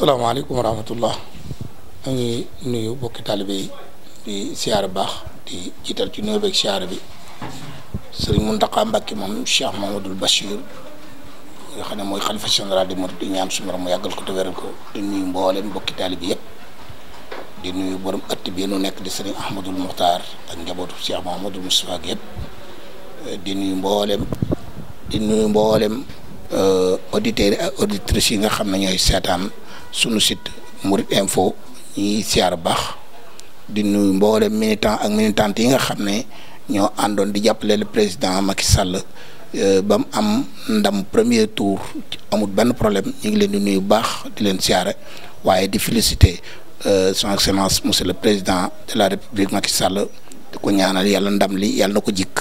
asalaamaaleykum wa rahmatullah dañuy nuyu bokki taalibe yi di siyaar baax di jiital ci nuyoo beeg siyaar bi sëriñ Mountakha Mbacké moom Cheikh Mamadou Bachir nga xam ne mooy xalifa général des mourides di ñaan suñu mu yàggal ko te ko di nuyu mboolem bokki taalibe yëpp di nuyu borom ëtt bi nu nekk di sëriñ Ahmadul Muxtaar ak njabootu Cheikh Mamadou Moustapha ak yëpp di nuyu mboolem di nuyu mboolem euh, auditeurs ak auditrices yi nga xam ne ñooy seetaan. sunu site Mourid info ñi siyaar baax di nuyu mboolem militant ak militante yi nga xam ñoo àndoon di jàppale le président Macky Sall euh, ba mu am ndam premier tour amul ben problème ñi ngi leen di nuyu baax di leen siyaare wayé di féliciter euh, son excellence monsieur le président de la république Macky Sall di ko ñaanal yalla ndam li yalla nako jik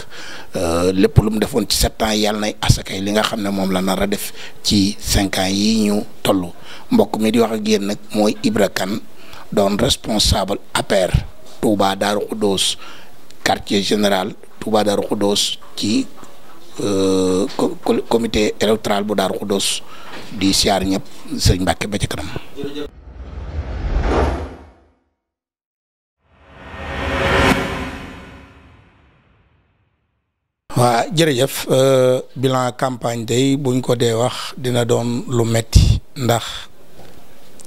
euh lépp lu mu defoon ci sept ans yalla nay asakay li nga xamné mom la nar a def ci 5 ans yi ñu tollu mbokk mi di wax ak yéen nag mooy Ibra Kane doon responsable APR Touba Darou Khoudoss quartier général Touba Darou Khoudoss ci euh, comité électoral bu Darou Khoudoss di siyaar ñëpp sëñ Mbàkke ba ci kanam. waa jërëjëf euh, bilan campagne tey buñ ko dee wax dina doon lu metti ndax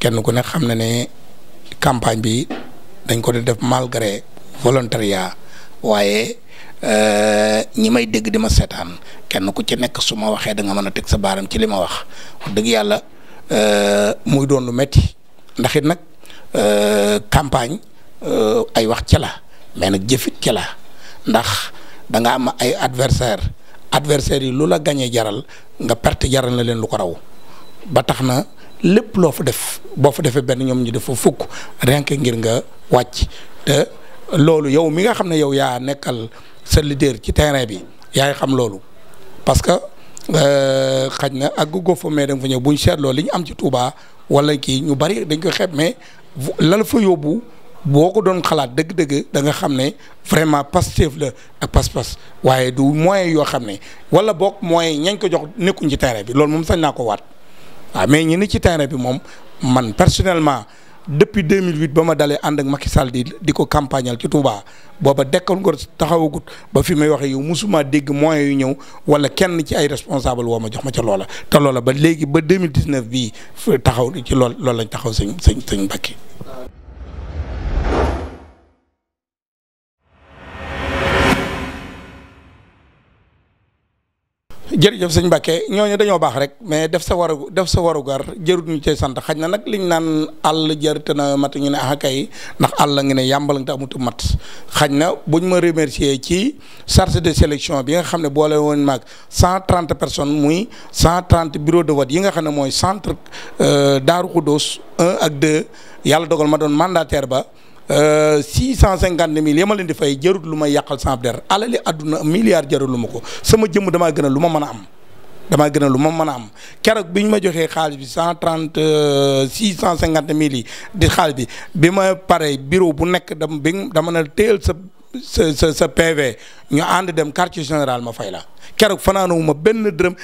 kenn ku ne xam na ne campagne bi dañ ko di def malgré volontariat waaye euh, ñi may dégg di ma seetaan kenn ku ci nekk su ma waxee da nga mën a teg sa baaram ci li ma wax wax dëgg yàlla euh, muy doon lu metti ndax it nag euh, campagne ay wax ca la mais nag jëfit ca la ndax da nga am ay adversaire adversaires yi lu la gañee jaral nga perte jaral na leen lu ko raw ba tax na lépp loo fa def boo fa defee benn ñoom ñu defa fukk renk ngir nga wàcc te loolu yow mi nga xam ne yow yaa nekkal sa leader ci terrain bi yaay xam loolu parce que euh, xaj na ak góob fa mais fa ñëw bu ñu seetloo li ñu am ci Touba wala kii ñu bari dañ ko xeeb mais lal fa yóbbu boo ko doon xalaat dëgg-dëgg da nga xam ne vraiment Pastef la ak pas-pas waaye du moyen yoo xam ne wala boog moyen ñañ ko jox nekkuñ ci terrain bi lool moom sañ naa ko waat. waaw ah, mais ñu ni ci terrain bi moom man personnellement depuis 2008 ba ma dalee ànd ak Macky Sall di di ko campagnal ci Touba booba dekkal ngor taxawagut ba fi may waxee yow musuma dégg moyens yu ñëw wala kenn ci ay responsable woo ma jox ma ca loola te loola ba léegi ba deux 2019 bii taxaw ci lool loolu lañ taxaw sëñ sëñ sëñ Mbacké jërëjëf sëñ ñoo ñooñu dañoo baax rek mais def sa waru def sa warugar jërut ñu cee sant xaj na nag liñ naan àll jër te na mat ñu ne ah kay ndax àll ngi ne yàmbal nga te amutu mat xaj na buñ ma remercier ci charge de sélection bi nga xam ne boole woon maak cent trente personnes muy cent trente bureau de vote yi nga xam ne mooy centre euh, Daaru Xuddoos un ak deux yàlla dogal ma doon mandataire ba. Euh, six cent cinquante mille ya ma leen di fay jarut lu ma yàqal sans der alali àdduna milliard jarut lu ma ko sama jëmm damaa gën a lu ma mën a am damaa gën a lu ma mën a am keroog bi ñu ma joxee xaalis bi cent trente euh, six cent cinquante mille yi di xaalis bi bi ma paree bureau bu nekk dam bi dama ne teel sa sa sa sa PV ñu dem quartier général ma fay la keroog fanaanawu ma benn dërëm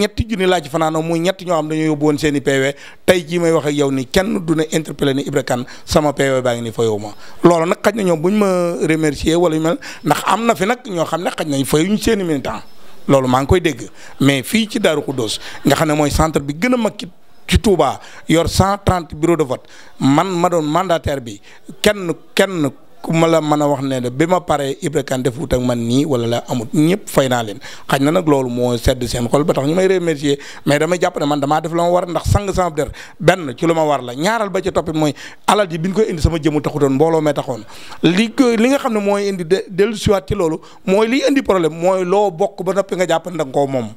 ñetti junni laaj ci fanaanaw muy ñetti ñoo xam dañoo yóbbu woon seen i PV tey jii may wax ak yow ni kenn du ne interpellé ni Ibra Kane sama PV baa ngi ni fayow ma loolu nag xaj na ñoom bu ñu ma remercier wala ñu mel ndax am na fi nag ñoo xam ne xaj nañ ñu seen i militant loolu maa ngi koy dégg mais fii ci Darou Khoudoss nga xam ne mooy centre bi gën a mag ci ci Touba yor 130 bureau de vote man ma doon mandataire bi kenn kenn ku ma la mën a wax ne de bi ma paree Ibra Kane defut ak man nii wala la amut ñëpp fay naa leen xaj na nag loolu moo sedd seen xol ba tax ñu may remercier mais damay jàpp ne man damaa def la ma war ndax sang sama der benn ci lu ma war la ñaaral ba ca toppit mooy alal ji bi ñu koy indi sama jëmu taxutoon mbooloo mee taxoon li nga xam ne mooy indi de dellu siwaat ci loolu mooy liy indi problème mooy loo bokk ba noppi nga jàpp ne danga koo moom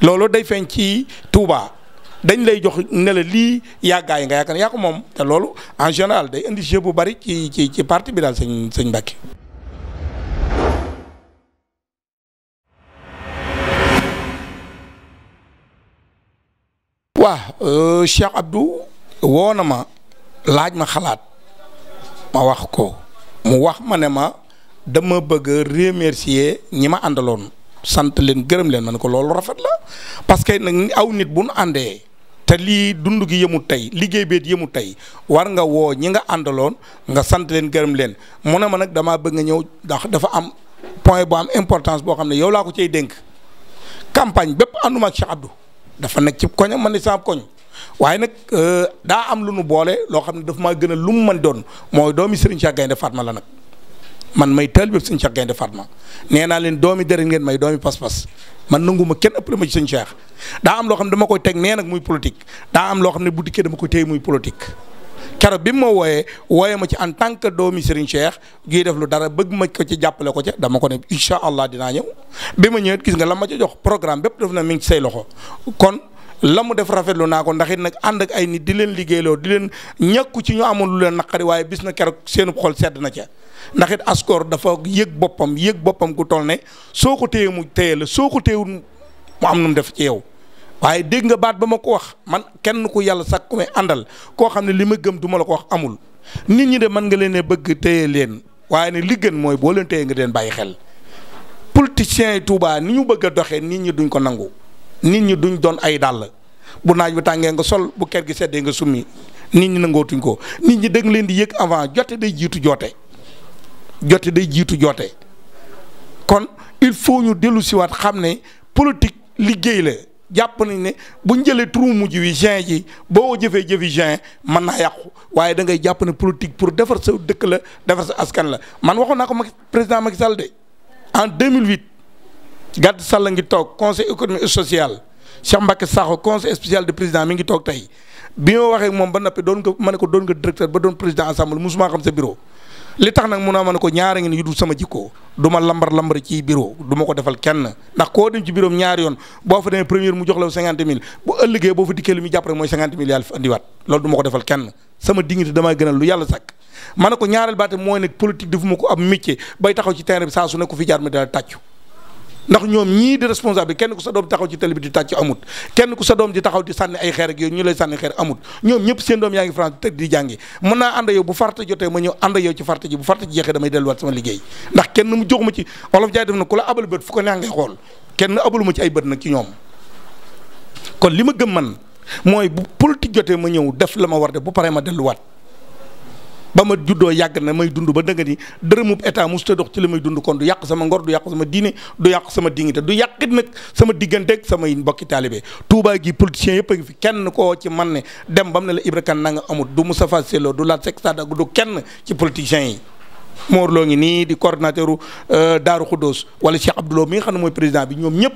loolu day feeñ ci Touba. dañ lay jox ne la lii ya gaay nga yaakaar yak mom te lolu en général day indi jeu bu bari ci ci ci parti bi daal señ sëñ Mbàkke waaw euh, Cheikh Abdou wonama ma laaj ma xalaat ma wax ko mu wax manema dama bëgg remercier ñima andalon sant leen leen ma ko lolu rafet la parce que nak aw nit andé te lii dund gi yëmu tey liggéey beet yëmu tey war nga woo ñi nga àndaloon nga sant leen gërëm leen mu ne ma nag damaa bëgg nga ñëw ndax dafa am point bu am importance boo xam ne yow laa ko cay dénk campagne bépp ànduma ak Cheikh dafa nekk ci koñam man ne sama koñ waaye nag euh, daa am lu nu boole loo xam ne dafa maa gën a lu mu mën doon mooy doomi Serigne Cheikh Gaynde Fatma la nag man may taalibe Serigne Cheikh Gaynde Fatma nee naa leen doomi deret ngeen may doomi pas-pas man nanguma kenn ëppale ma ci sëñ Cheikh daa am loo xam ne dama koy teg nee nag muy politique daa am loo xam ne bu dikkee dama koy téye muy politique. kero bi ma wooye wooyee ma ci en tant que doomi Serigne Cheikh gi def lu dara bëgg ma ko ci jàppale ko ca dama ko ne incha allah dinaa ñëw bi ma ñëwee gis nga lam ma ca jox programme bépp def na mi sey loxo kon. la mu def rafetlu naa ko ndax it nag ànd ak ay nit di leen liggéeyloo di leen ñàkku ci ñu amoon lu leen naqari waaye bis na keroog seenub xol sedd na ca ndaxit it askor dafa yëg boppam yëg boppam ku toll ne soo ko téye mu téye la soo ko téyewul mu am nu mu def ci yow. waaye dégg nga baat ba ma ko wax man kenn ku yàlla sax ko may àndal koo xam ne li ma gëm duma la ko wax amul nit ñi de mën nga leen a bëgg téye leen waaye ne li gën mooy boo leen téye nga leen bàyyi xel politiciens yi ni ñu bëgg a doxee nit ñi duñ ko nangu. nit ñi duñ doon ay dàll bu naaj bu tàngee nga sol bu ker gi seddee nga summi nit ñi nangootuñ ko nit ñi dëgg leen di yëg avant jote day jiitu joote jote day jiitu joote kon il faut ñu dellu siwaat xam ne politique liggéey la jàpp nañ ne bu ñu jëlee trou mujj wi juin ji boo jëfee jëfi juin mën naa yàqu waaye da ngay jàpp ne politique pour defar sa dëkk la defar sa askan la man waxoon naa ko Macky président Macky Sall de en 2008. gàdd sàll ngi toog conseil économique et social Cheikh Mbacke Sakho conseil spécial de président mi ngi toog tey bi ma waxee moom ba noppi doon ko ma ko doon nga directeur ba doon président assemblée musuma xam sa bureau li tax nag mun naa ma ne ko ñaara ngi ne yu dul sama jikkoo du ma lambar lambar ci bureau du ko defal kenn ndax koo dem ci bureau am yoon boo fa demee première mu jox la cinquante mille bu ëllëgee boo fa dikkee li muy jàpp rek mooy cinquante mille yàlla fi andiwaat loolu du ma ko defal kenn yàlla sakk ma ko ñaareel baate mooy nag taxaw ci terrain bi su nekk ku fi jaar ma daal tàccu ndax ñoom ñii di responsable kenn ku sa doom taxaw ci télé bi di tàcc amut kenn ku sa doom di taxaw di sànni ay xeer ak yooyu ñu lay sànni xeer amut ñoom ñëpp seen doom yaa ngi France di jàngi mën naa ànd yow bu farta jotee ma ñëw ànd yow ci farta ji bu farta ji jeexee damay def na ku la kenn abalu ma ci ay bët nag ci ñoom kon li ma gëm man mooy bu politique jotee ma ñëw def la ma war bu paree ma delluwaat bama ma yag na may dundu ba dëgg ni deureumup état musta dox ci li dundu kon du yak sama ngor du yak sama diine du yak sama dignité du yàqit nak sama ak sama mbokki talibé Touba gi politiciens yëpp ngi fi kenn ko ci manne dem bam na la ibrakan Kane na nga amut du Sello du Lat sek sada du kenn ci politiciens yi. Mor lo ngi ni di coordinateur euh daru khodous wala Cheikh abdoulo mi nga xam ne président bi ñom ñëpp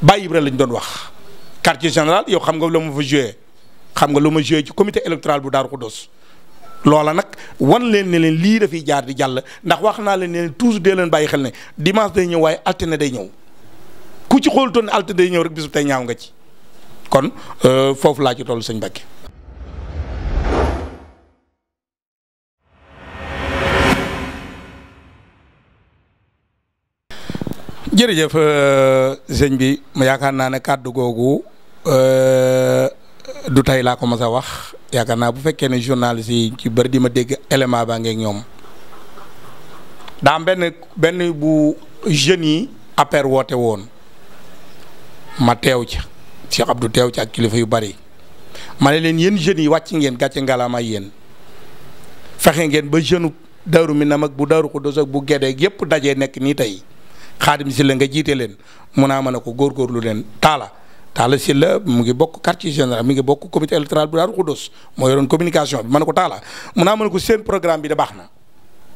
Baye Ibra lañ doon wax quartier général yow xam nga lu mu fa jouer xam nga lu mu jouer ci comité électoral bu daru khodous loola nag wan leen ne lii dafiy jaar di jàll ndax wax naa leen ne leen toujours dee leen bàyyi xel ne dimanche day ñëw waaye altine day ñëw ku ci xoolutoon ne day ñëw rek bisu tey ñaaw nga ci kon euh, foofu laa ci toll sëñ Mbàkke jërëjëf euh, sëñ bi ma yaakaar naa ne kàddu googu euh, du tey laa ko mas a wax yaakaar naa bu fekkee ne journaliste yi ci bëri di ma dégg élément baa ngeeg ñoom daa benn benn bu jeunes yi APR woote woon ma teew ca Cheikh Abdou teew ca ak kilifa yu bari ma ne leen yéen jeunes yi wàcc ngeen gàcc ngalaama yéen fexe ngeen ba jeune daaru mi na mag bu daaru ko dos bu gedee yépp dajee nekk nii tey xaadim si la nga jiite leen mun naa mën a ko góorgóorlu leen taala si la mu ngi bokk quartier général mu ngi bokk comité électoral bu Daaru Xudoos moo yoroon communication bi man ne ko Talla mun naa mën ko seen programme bi da baax na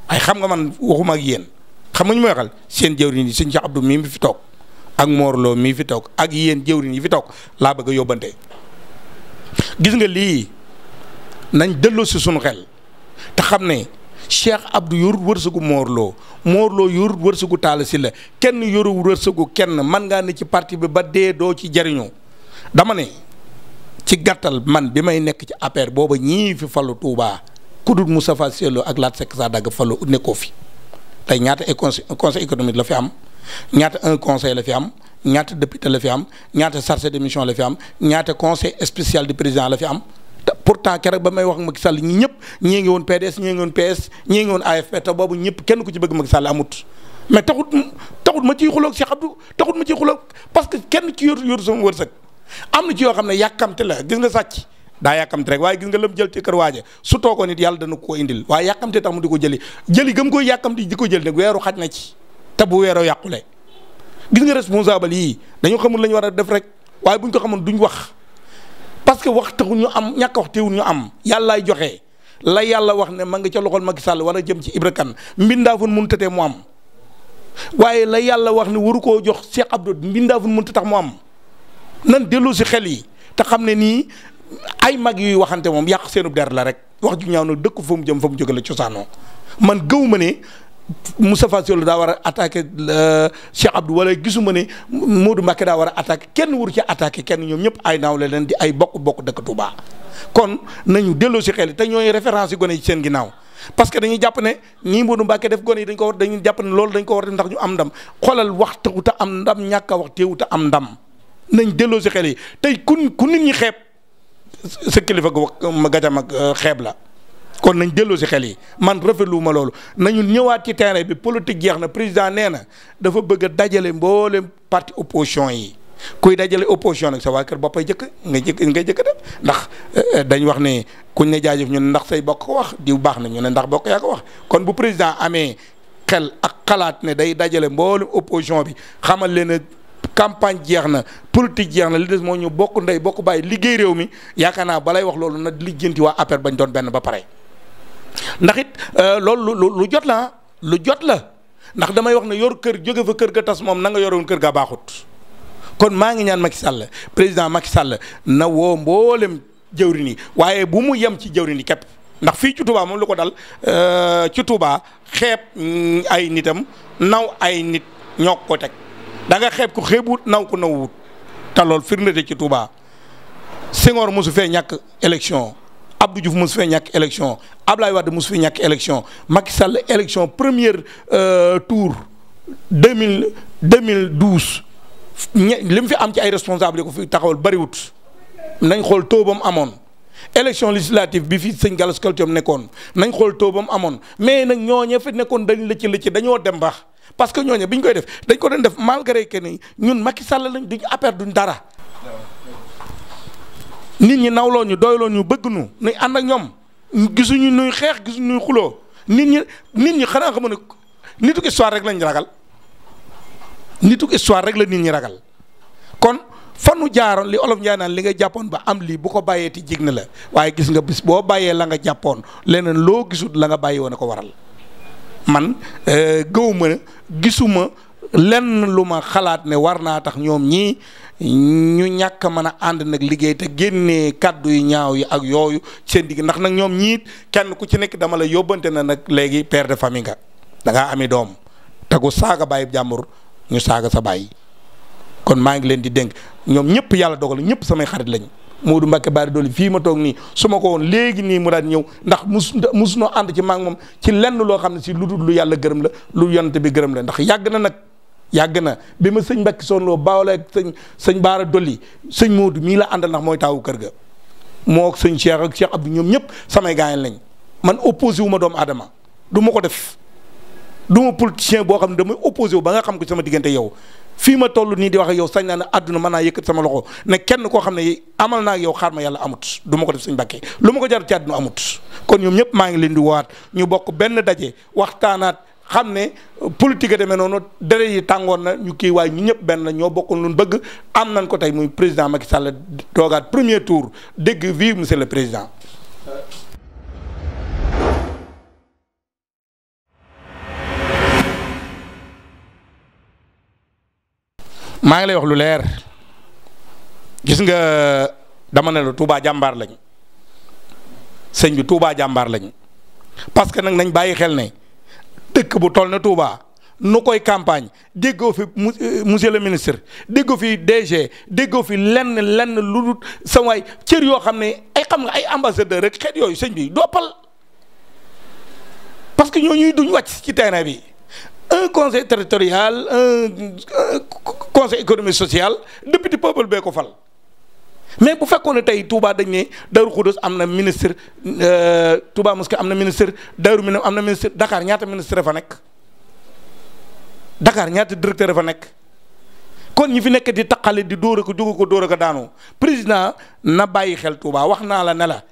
ay xam nga man waxuma ak yéen xam nga ñu may waxal seen jëwriñ yi sëñ Cheikh Abdou mii mi fi toog ak Mor Lo mii fi toog ak yéen jëwriñ yi fi toog laa bëgg a yóbbante gis nga lii nañ delloo si sunu xel te xam ne Cheikh Abdou yorut wërsëgu moorloo moorloo yorut wërsëgu taal si la kenn yoru wërsëgu kenn man ngaa ne ci parti bi ba dee doo ci jariñoo dama ne ci gattal man bi may nekk ci APR booba ñii fi falu Touba kudut Moustapha Sello ak Lat Seck Sadaga falu nekkoo fi te ñaata conseil conseil économique la fi am ñaata un conseil la fi am ñaata député la fi am ñaata chargé de mission la fi am ñaata conseil spécial de président la fi am pourtant keroog ba may wax Macky Sall ñi ñëpp ñii ngi woon PDS ñii ngi woon PS ñii woon AFP te boobu ñëpp kenn ku ci bëgg Macky Sall amut mais taxut taxut ma ciy xuloog Cheikh Abdou taxut ma ciy xuloog parce que kenn ci yóotu yóotu sama wërsëg am na ci yoo xam ne yàkkamte la gis nga sàcc daa yàkkamte rek waaye gis nga lëm jël ci kër waaje su toogoon it yàlla dana ko indil waaye yàkkamte tax mu di ko jëli jëli gëm koy yàkkamti di ko jël nag weeru xaj na ci te bu weeroo yàqule gis nga responsable yii dañu xamul la ñu war a def rek waaye buñ ko xamoon duñ wax parce que wax taxul ñu am ñàkk wax teewul ñu am yàllaay joxe la yàlla wax ne man nga ca loxol Macky Sall war a jëm ci Ibra Kane mbindaafun mun tëtee mu am waaye la yàlla wax ne waru koo jox Cheikh Abdou mbindaafun mun tax mu am nan dellu si xel yi te xam ne nii ay mag yuy waxante moom yàq seenub der la rek wax ju ñaaw na dëkk fa mu jëm fa mu jóge la cosaanoo man gëw ma ne Moustapha Cissé daa war a attaque attaqué euh, Cheikh Abdou wala gisuma ne Modou Mbacké daa war a attaqué kenn wur ci attaqué kenn ñoom ñëpp ay nawle leen di ay bokk-bokk dëkk Touba kon nañu delloo si xel te ñooy référence yi gone yi ci seen ginnaaw parce que dañuy jàpp ne ñii Modou Mbacké def gone yi dañ ko war dañuy jàpp ne loolu ko war def ñu am ndam xoolal wax tewuta am ndam ñàkk a wax tewuta am ndam nañ delloo si xel yi tey ku ku nit ñi xeeb sa kilifa ga ma gàjam ak euh, xeeb la kon nañ dellu si xel yi man rafetlu ma loolu nañu ñëwaat ci terrain bi politique jeex na président nee na dafa bëgg a dajale mboolem parti opposition yi kuy dajale opposition nag sa waa kër boppay jëkk nga jëkk nga jëkk def ndax euh, dañ wax ne kuñ ne jaajëf ñu ne ndax say bokk ko wax diw baax na ñu ne ndax bokk yaa ko wax kon bu président amee xel ak xalaat ne day dajale mboolem opposition bi xamal leen campagne jeex na politique jeex na li des moo ñu bokk ndey bokk bàyyi liggéey réew mi yaakaar naa balay wax loolu nag lijjanti waa affaire bañ doon benn ba pare. ndax it euh, loolu lu lu jot la lu jot la ndax damay wax ne yor kër jóge fa kër ga tas moom na nga yoroon kër ga baaxut kon maa ngi ñaan Macky Sall président Macky Sall na woo mboolem jëwriñ yi waaye bu mu yem ci jëwriñ yi ndax fii ci Touba moom lu ko dal euh, ci Touba xeeb mm, ay nitam naw ay nit ñoo ko teg da nga xeeb ku xeebut naw ku nawut te loolu firnde ci Touba Senghor mosu fee ñàkk élection. Abdou Diouf mos fee élection Ablaye Wade mos fee élection Macky Sall élection première euh, tour deux mille deux mille douze li mu fi am ci ay responsable yi ko fi taxawal bariwut nañ xool taux élection législative bi fi Sénégal Gallas Kaltoum nañ xol tobam amone mais nag ñooñu fa nekkoon dañ lëcc lëcc dañoo dem bax parce que ñoñe biñ koy def dañ ko doon def malgré que ni ñun Macky Sall lañ duñ affaire duñ dara. nit ñi nawloo ñu doyloo ñu bëgg ñu nuy ànd ak ñoom gisuñu nuy xeex gisuñu nuy xuloo nit ñi nit ñi xanaa xam ne nituk histoire rek lañ ragal nituk histoire rek la nit ñi ragal kon fanu jaaroon li olof Njaay naan li nga jàppoon ba am lii bu ko bàyyee ti jig na la waaye gis nga bis boo bàyyee la nga jàppoon leneen loo gisut la nga bàyyi wane ko waral man eh, gëwuma gisuma lenn lu ma xalaat ne war naa tax ñoom ñii ñu ñàkk a mën a ànd nag liggéey te génnee kàddu yu ñaaw yi ak yooyu seen digg ndax nag ñoom ñiit kenn ku ci nekk dama la yóbbante na nag léegi pere de famille nga da doom tegu saaga bàyyi jàmbur ñu saaga sa bàyyi kon maa ngi leen di dénk ñoom ñëpp yàlla dogal ñëpp samay xarit lañ Moodu Mbacke Baari Doli fii ma toog nii su ma ko woon léegi nii mu daan ñëw ndax mus musunoo ànd ci maag moom ci lenn loo xam ne si lu dul lu yàlla gërëm la lu yonent bi gërëm la ndax yàgg na nag yàgg na bi ma sëñ Mbacke Soxna baaw baawaleeg sëñ sëñ Baara Dolli sëñ Moodu mii la àndal ndax mooy taawu kër ga moo ak sëñ Cheikh ak Cheikh Abdou ñoom ñëpp samay gaañ lañ man opposé wu ma doomu adama du ma ko def du ma politicien boo xam ne damay opposé wu ba xam ko sama diggante yow fii ma toll nii di wax yow sañ naa ne àdduna mën naa yëkkat sama loxo ne kenn koo xam ne amal naa yow xaar ma yàlla amut du ma ko def sëñ Mbacke lu ma ko jar ci àdduna amut kon ñoom ñëpp maa ngi leen di woowaat ñu bokk benn daje waxtaanaat. xam ne politique a demee noonu dere yi tàngoon na ñu kii waaye ñu ñëpp benn la ñoo bokkoon lu bëgg am nañ ko tey muy président Macky Sall toogaat premier tour dégg vive monsieur le président. maa ngi lay wax lu leer gis nga dama ne la Touba jàmbaar lañ sëñ bi Touba jàmbaar lañ parce que nag nañ bàyyi xel nañ dëkk bu toll campagne fi euh, monsieur le ministre déggoo fi DG déggoo fi lenn ambassadeur parce que ñooñuy duñ ci bi un conseil territorial un conseil économique social député peuple bee mais bu fekkoon ne tey Touba dañ ne Darou Khoudoss am na ministre euh, Touba Mosquée am na ministre Darou Minam am na ministre dakaar ñaata ministre fa nekk Dakar ñaata directeur fa nekk kon ñi fi nekk di taqale di dóor a ko jógu ko dóor a ko daanoo président na bàyyi xel Touba wax naa la nela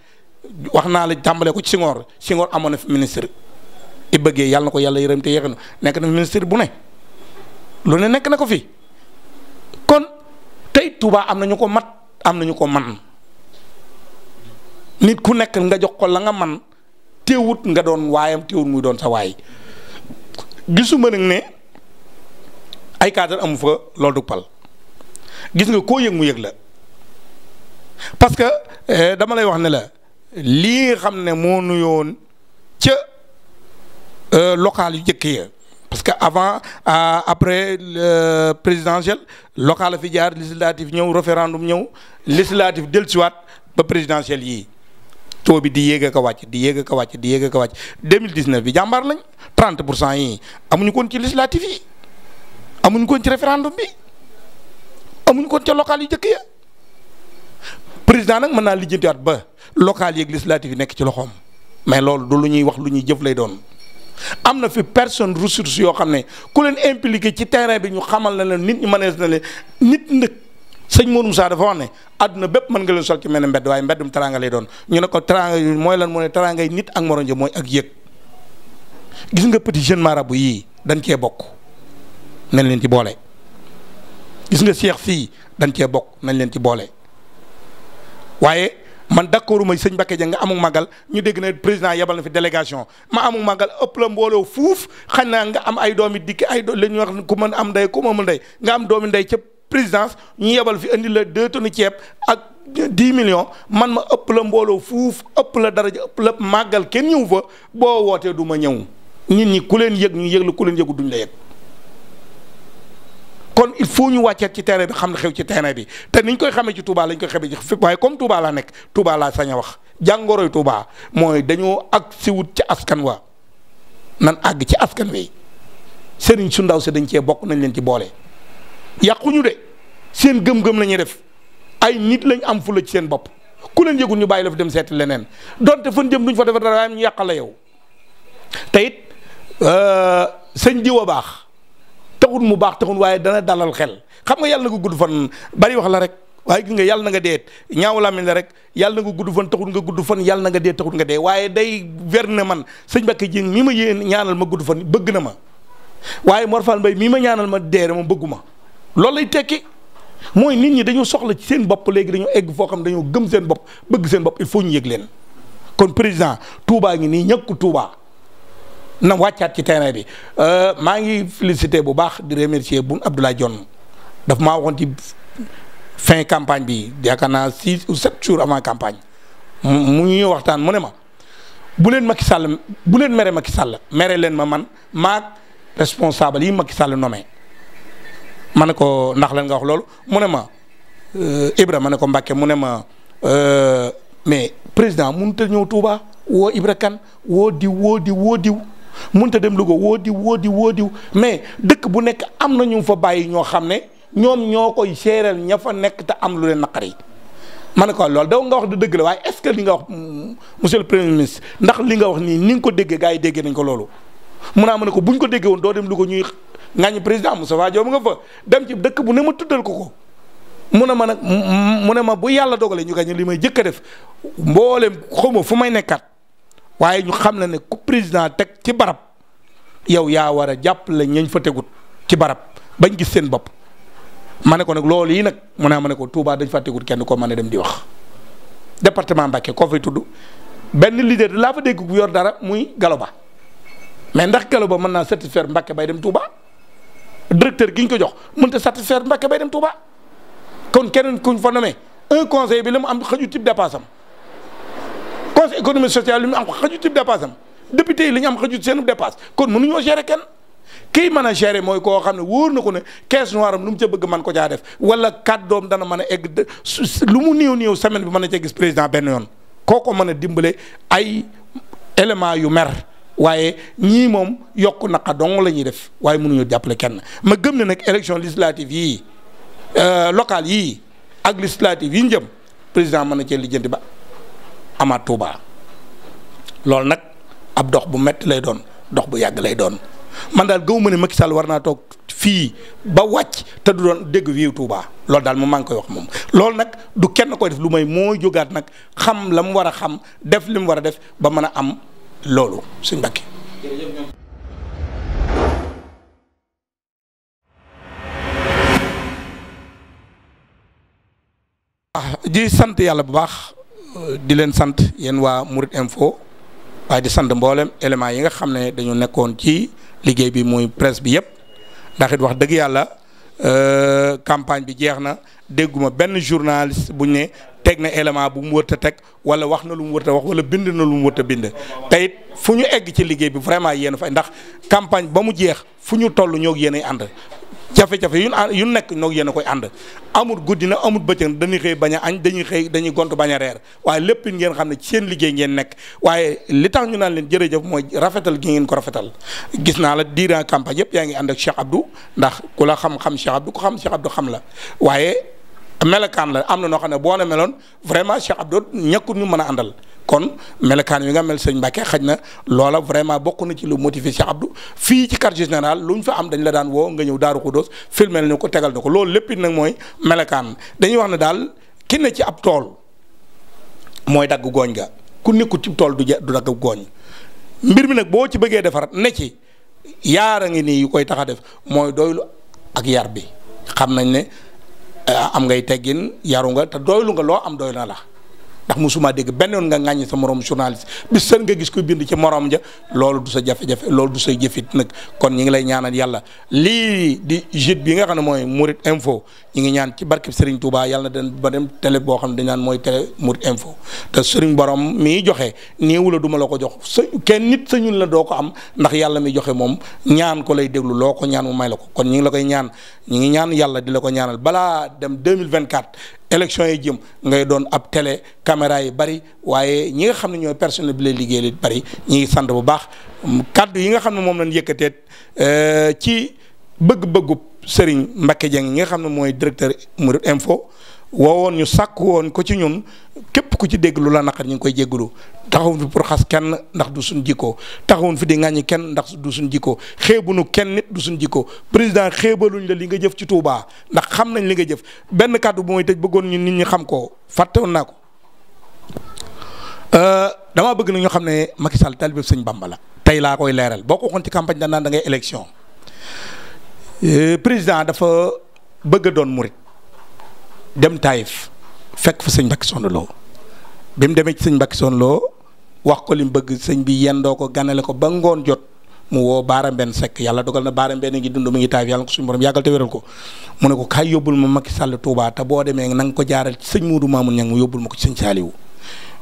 wax naa la tàmbale ko Senghor Senghor amoon na fi ministre i bëggee yàlla na ko yàlla yërëm te yéex na nekk na ministre bu ne lu ne nekk na ko fi kon tey Touba am na ñu ko mat. am nañu ko man nit ku nekk nga jox ko la nga man téwut nga doon waayam téewut muy doon sa waay gisuma nag ne ay cadre amu fa loolu du pal gis nga koo yëg mu yëg la parce que eh, dama lay wax ne la lii xam ne moo nuyoon ca eh, local yu jëkk ya parce que avant euh, après présidentielle local la fi jaar législative ñëw référendum ñëw législative dellusiwaat ba présidentielle yii taux bi di yéeg a ko wàcc di yéeg ko wàcc di yéeg ko wàcc 2019 bi jàmbaar lañ 30 pour cent yii amuñu koon ci législative yi amuñu koon ci référendum bi amuñu koon ca local yu jëkk ya président nag mën naa lijjantiwaat ba local yeeg législative yi nekk ci loxoom mais loolu du lu ñuy wax lu ñuy jëf lay doon. am na fi personne ressource yoo xam ne ku leen impliqué ci terrain bi ñu xamal na leen nit ñi mënees na leen nit ndëk sëñ Mourou Moussa dafa wax ne àdduna bépp mën nga leen sol ci mel ne mbedd waaye mbeddum teraanga doon ñu ne ko teraanga yi mooy lan mu ne teraanga yi nit ak morom ja mooy ak yëg gis nga petit jeune marabout yii dañ cee bokk nañ leen ci boole gis nga seex fii dañ cee bokk nañ leen ci boole waaye man d'accordu ma sëñ Mbacké Dieng nga amul màggal ñu dégg ne président yebal na fi délégation ma amul màggal ëpp la mbooloo fuuf xañ naa nga am ay doomi dikk ay do la ñuy wax ku mën am ndey ku ma mën ndey nga am doomi ndey ca présidence ñu yebal fi indi la deux tonnes ceeb ak dix million man ma ëpp la mbooloo fuuf ëpp la daraja ëpp la màggal kenn ñëw fa boo wootee du ma ñëw nit ñi ku leen yëg ñu yëg la ku leen yëgu duñ la yëg kon il faut ñu wàcceet ci terrain bi xam ne xew ci terrain bi te niñ koy xamee ci Touba lañ koy xamee ci fépp waaye comme Touba laa nekk Touba laa sañ a wax jàngoroy Touba mooy dañoo ak siwut ci askan wa nan àgg ci askan wi sëriñ su ndaw si dañ cee bokk nañ leen ci boole yàquñu de seen gëm-gëm la ñuy def ay nit lañ am fu la ci seen bopp ku leen yëgul ñu bàyyi la fi dem seeti leneen donte fan jëm duñ fa defe dara waaye ñu yàqale yow te it euh, sëñ jiw a baax. taxul mu baax taxul waaye dana dalal xel xam nga yàlla na ko gudd fan bari wax la rek waaye gis nga yàlla na nga dee ñaaw làmmiñ la rek yàlla na nga gudd fan taxul nga gudd fan yàlla na nga dee taxul nga dee waaye day wér na man sëñ Mbacké Dieng mii ma yéen ñaanal ma gudd fan bëgg na ma waaye Mor Fall Mbaye mii ma ñaanal ma dee ma bëgg ma loolu lay tekki mooy nit ñi dañu soxla ci seen bopp léegi dañu egg foo xam dañoo gëm seen bopp bëgg seen bopp il faut ñu yëg kon président Touba ngi nii ñàkk Touba na wàccaat ci terrain bi euh, maa ngi félicité bu baax di remercier Boun Abdallah Dionne dafa ma waxoon ci fin campagne bi yaakaar naa six ou sept jours avant campagne mu ñuy waxtaan mu ne ma bu leen Macky Sall bu leen mere Macky Sall mere leen ma man maag responsable yi Macky Sall nommé ma ne ko ndax leen nga wax loolu mu ne ma euh, Ibra ma ne ko Mbacke mu ne ma euh, mais président mënut a ñëw Touba woo Ibra Kane woo diw woo diw woo diw. mënta dem Louga woo diw woo diw woo diw mais dëkk bu nekk am na ñu fa bàyyi ñoo xam ne ñoom ñoo koy séeral ña fa nekk te am lu leen naqari. ma ne ko loolu daw nga wax du dëgg la waaye est-ce que li nga wax mm, monsieur le premier ministre ndax li nga wax nii ni nga ko dégge gars yi déggee nañ ko loolu mun a ma ne ko bu ñu ko déggee woon doo dem Louga ñuy ŋàññi président Moustapha Diop nga fa dem ci dëkk bu ne ma tuddal ko ko. mu ne ma nag mm, mm, mu ne ma bu yàlla dogalee ñu gañ li may jëkk a def mboolem xaw ma fu may nekkaat. waye ñu xam la ne ku président tek ci barab yow yaa war a jàppale ñañ fa tegut ci barab bañ gis seen bopp ma ne ko nag loolu yi nag mu ne ma ne ko Touba dañ fa tegut kenn ko mën a dem di wax. département Mbacké ko fay tudd benn leader laa fa dégg bu yor dara muy Galoba mais ndax Galoba mën naa satisfaire Mbacké bay dem Touba directeur gi ñu ko jox mënut satisfaire Mbacké bay dem Touba kon keneen kuñ fa nommé un conseil bi la mu am xëju type dépassam conseil économique social li mu am xajut ci dépasse am député yi li ñu am xajut seen dépasse kon mënuñoo gérer kenn kii mën a gérer mooy koo xam ne wóor na ko ne caisse noire am lu mu ca bëgg man ko caa def wala kàddoom dana mën a egg lu mu néew néew semaine bi mën na cee gis président benn yoon ko mën a dimbale ay élément yu mer waaye ñii moom yokk naqa dong la ñuy def waaye mënuñu jàppale kenn ma gëm ne nag élection législative yii euh, locale yii ak législative yi ñu jëm président mën na cee lijjanti ba amaat tuuba loolu nag ab dox bu metti lay doon dox bu yàgg lay doon man daal gëw ma ne Macky Sall war naa toog fii ba wàcc te du doon dégg wiiw Touba loolu daal moom maa ngi koy wax moom. loolu nag du kenn koy def lu may moo jógaat nag xam la mu war a xam def li mu war a def ba mën a am loolu suñ Mbàkke ah, di sant yàlla bu baax. di leen sant yéen waa Mouride Info waaye di sant mboolem éléments yi nga xam ne dañu nekkoon ci liggéey bi muy presse bi yëpp ndax it wax dëgg yàlla euh, campagne bi jeex na dégguma benn journaliste bu ñu ne teg na élément bu mu wër teg wala wax na lu mu wër te wax wala bind na lu mu wër bind te fu ñu egg ci liggéey bi vraiment yéen fay ndax campagne ba mu jeex fu ñu toll ñoo yéen ay ànd jafe-jafe yu ñu yu nekk noog yéen a koy ànd amul guddi na amul bëccëg dañuy xëy bañ a añ dañuy xëy dañuy gont bañ a reer waaye lépp ngeen xam ne ci seen liggéey ngeen nekk waaye li tax ñu naa leen jërëjëf mooy rafetal gi ngeen ko rafetal gis naa la diira campagne yëpp yaa ngi ànd ak Cheikh Abdou ndax ku la xam-xam Cheikh Abdou ku xam Cheikh Abdou xam la waaye melakaan la am na noo xam ne boo na meloon vraiment Cheikh Abdou ñàkkul ñu mën a àndal kon melokaan wi nga mel sëñ Mbacke xaj na loola vraiment bokk na ci lu motivé Cheikh Abdou fii ci quartier général lu ñu fa am dañ la daan woo nga ñëw Daaru Khoudoss filmel ñu ko tegal na ko loolu lépp nag mooy melokaan dañuy wax ne daal ki ne ci ab tool mooy dagg gooñ ga ku nekkul ci tool du du dagg gooñ mbir mi nag boo ci bëggee defar ne ci yaara ngi nii yu koy tax a def mooy doylu ak yar bi xam nañ ne eh, am ngay teggin yaru nga te doylu nga loo am doylu ndax mosuma dégg benn nga ŋàññi sa morom journaliste bi sën nga gis ko bind ci morom ja loolu du sa jafe-jafe loolu du sa jëfit nag kon ñi ngi lay ñaanal yàlla lii di jit bi nga xam ne mooy Murid Info ñi ngi ñaan ci barkeb Serigne Touba yàlla na ba dem télé boo xam ne dañ mooy télé Murid Info te Serigne borom mii joxe néewu la du la ko jox sa kenn nit sa ñun la doo ko am ndax yàlla mi joxe moom ñaan ko lay déglu loo ko ñaan mu may la ko kon ñi ngi la koy ñaan ñi ngi ñaan yàlla di la ko ñaanal balaa dem 2024 élection yi jëm ngay doon ab télé caméra yi bari waaye ñi nga xam ne ñooy personnel bi lay liggéey li bari ñu ngi sant bu baax kàddu yi nga xam ne moom lañ yëkkateet euh, ci bëgg-bëggu Serigne Mbacké Dieng ñi nga xam ne mooy directeur Mourides Info woowoon ñu sàkk woon ko ci ñun képp ku ci dégg lu la naqar ñu ngi koy jéggalu taxawuñ fi pour xas kenn ndax du suñ jikko taxawuñ fi di ŋàññi kenn ndax du suñ jikko xeebuñu kenn nit du suñ jikko président xeebaluñ la li nga jëf ci Touba ndax xam nañ li nga jëf benn kàddu bu mooy tëj bëggoon ñu nit ñi xam ko fàttewoon naa ko euh, damaa bëgg na ñu xam ne Macky Sall talibé sëñ Bamba tey laa koy leeral boo ko waxoon ci campagne da naan da ngay euh, président dafa bëgg a doon murit dem Taïf fekk fu sëñ Mbacke Soxna Lo bi mu demee ci sëñ Mbacke Soxna loo wax ko li mu bëgg sëñ bi yendoo ko ganale ko ba ngoon jot mu woo Baara Mbenn Seck yàlla dogal na Baara Mbenn ngi dund mu ngi yàlla ko suñu borom yàggal te wéral ko ko kaay yóbbul ma Macky Sall Touba te boo demee na nga ko jaaral sëñ Moudou Mamoun Niang mu yóbbul ma ko ci sëñ Saliou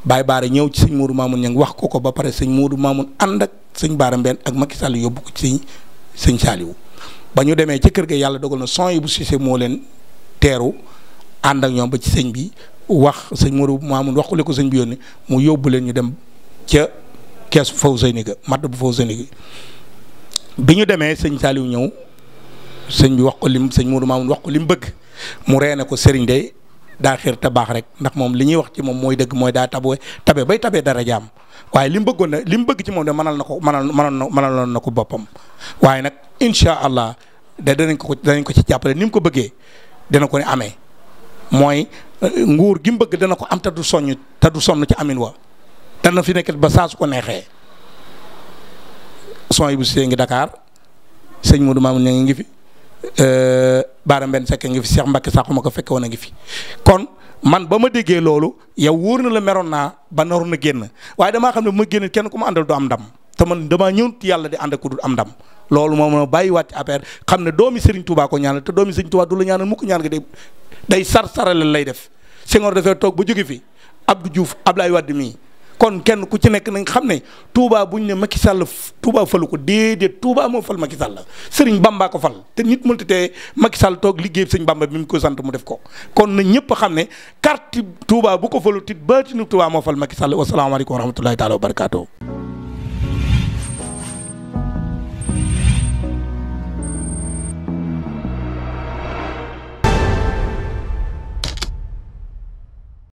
Baye Baara ñëw ci sëñ Moudou Mamoun Niang wax ko ko ba pare sëñ Moudou Mamoun ànd ak sëñ Baara Mbenn ak Macky Sall yóbbu ko ci sëñ sëñ Saliou ba ñu demee ci kër ga yàlla dogal na son yi bu Cissé moo leen teeru ànd ak ñoom ba ci sëñ bi wax sëñ Mourou Mamoun wax ko sëñ bi yónni mu yóbbu leen ñu dem ca kees faw sëni ga bu faw sëni bi ñu demee sëñ Saliou ñëw sëñ bi wax ko lim sëñ Mourou Mamoun wax ko lim bëgg mu reene ko sëriñ de daa xir baax rek ndax moom li ñuy wax ci moom mooy dëgg mooy daa taboo tabe bay tabee dara jaam waaye li mu bëggoon na li mu bëgg ci moom de mënal na ko manal mënaloon na ko boppam waaye nag incha allah de danañ ko danañ ko ci jàppale ni mu ko bëggee dana ko ne amee mooy euh, nguur gi mu dana ko am te du soññ te du sonn ci amin wa dana fi nekk ba saa su ko neexee sony bu see ngi Dakar sëñ Modou Mamoun ña ngi fi euh, Baara Mbenn Seck ngi fi Cheikh Mbacke Sakho ma ko fekke woon a ngi fi kon man ba ma déggee loolu yow wóor na la meroon naa ba naroon na génn waaye damaa xam ne bu ma génn kenn ku ma àndal du am ndam. te man damaa ñëwut yàlla di ànd ak ku dul am ndam loolu moom ma bàyyiwaat ci affaire xam ne doomi Serigne Touba ko ñaanal te doomi Serigne Touba du la ñaanal mukk ñaan nga day day sar saralal lay def Senghor dafay toog ba jóge fi Abdou Diouf Ablaye Wade mii kon kenn ku ci nekk nañ xam ne bu buñ ne Macky Sall Touba falu ko déedéet Touba moo fal Macky Sall Serigne Bamba ko fal te nit mënut te Macky Sall toog liggéey Serigne Bamba bi mu ko sant mu def ko kon na ñëpp xam ne carte Touba bu ko falu tit baatinu Touba moo fal Macky Sall wasalaamaaleykum wa rahmatullahi taala wa